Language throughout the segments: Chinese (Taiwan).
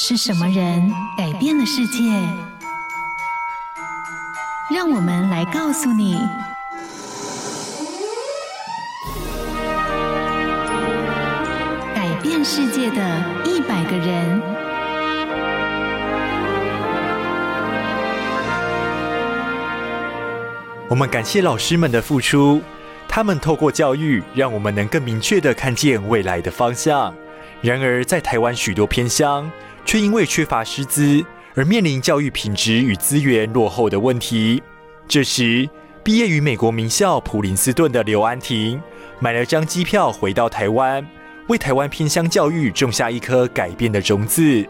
是什麼人改變了世界？讓我們來告訴你，改變世界的一百個人。我們感謝老師們的付出，他們透過教育，讓我們能更明確的看見未來的方向。然而，在台灣許多偏鄉，卻因為缺乏師資而面臨教育品質與資源落後的問題。這時，畢業於美國名校普林斯頓的劉安婷買了張機票回到台灣，為台灣偏鄉教育種下一顆改變的種子。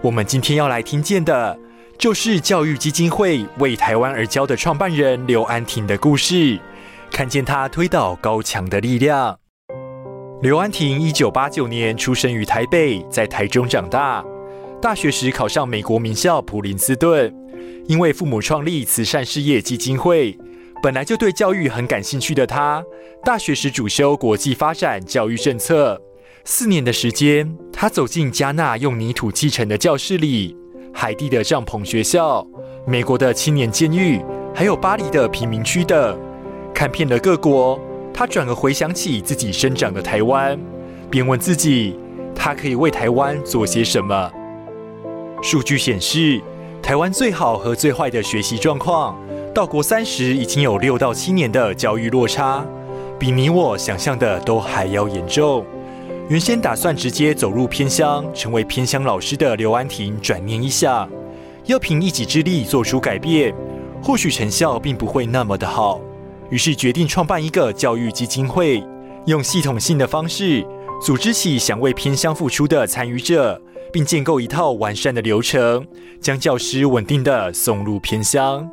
我們今天要來聽見的就是教育基金會為台灣而教的創辦人劉安婷的故事，看見他推倒高牆的力量。劉安婷一九八九年出生於台北，在台中長大。大學時考上美國名校普林斯頓，因為父母創立慈善事業基金會，本來就對教育很感興趣的他，大學時主修國際發展教育政策。四年的時間，他走進加納用泥土砌成的教室裡，海地的帳篷學校，美國的青年監獄，還有巴黎的貧民區等，看遍了各國，他轉而回想起自己生長的台灣，便問自己：他可以為台灣做些什麼？數據顯示，台灣最好和最壞的學習狀況，到國三時已經有六到七年的教育落差，比你我想象的都還要嚴重。原先打算直接走入偏鄉，成為偏鄉老師的劉安婷，轉念一下，要憑一己之力做出改變，或許成效並不會那麼的好。於是決定創辦一個教育基金會，用系統性的方式，組織起想為偏鄉付出的參與者。並建構一套完善的流程，將教師穩定的送入偏鄉。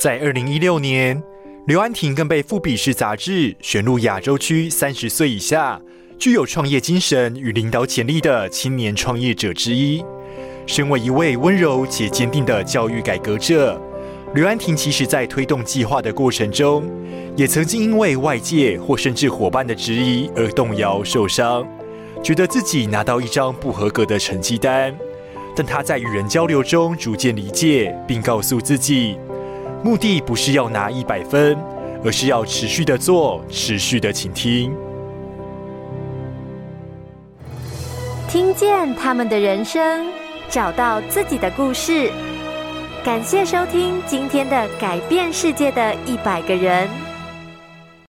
在二零一六年，劉安婷更被《富比士》雜誌選入亞洲區三十歲以下具有創業精神與領導潛力的青年創業者之一。身為一位溫柔且堅定的教育改革者，劉安婷其實在推動計劃的過程中，也曾經因為外界或甚至夥伴的質疑而動搖受傷。覺得自己拿到一張不合格的成績單，但他在與人交流中逐漸理解並告訴自己，目的不是要拿一百分，而是要持續的做，持續的傾聽，聽見他們的人生，找到自己的故事。感謝收聽今天的改變世界的一百個人。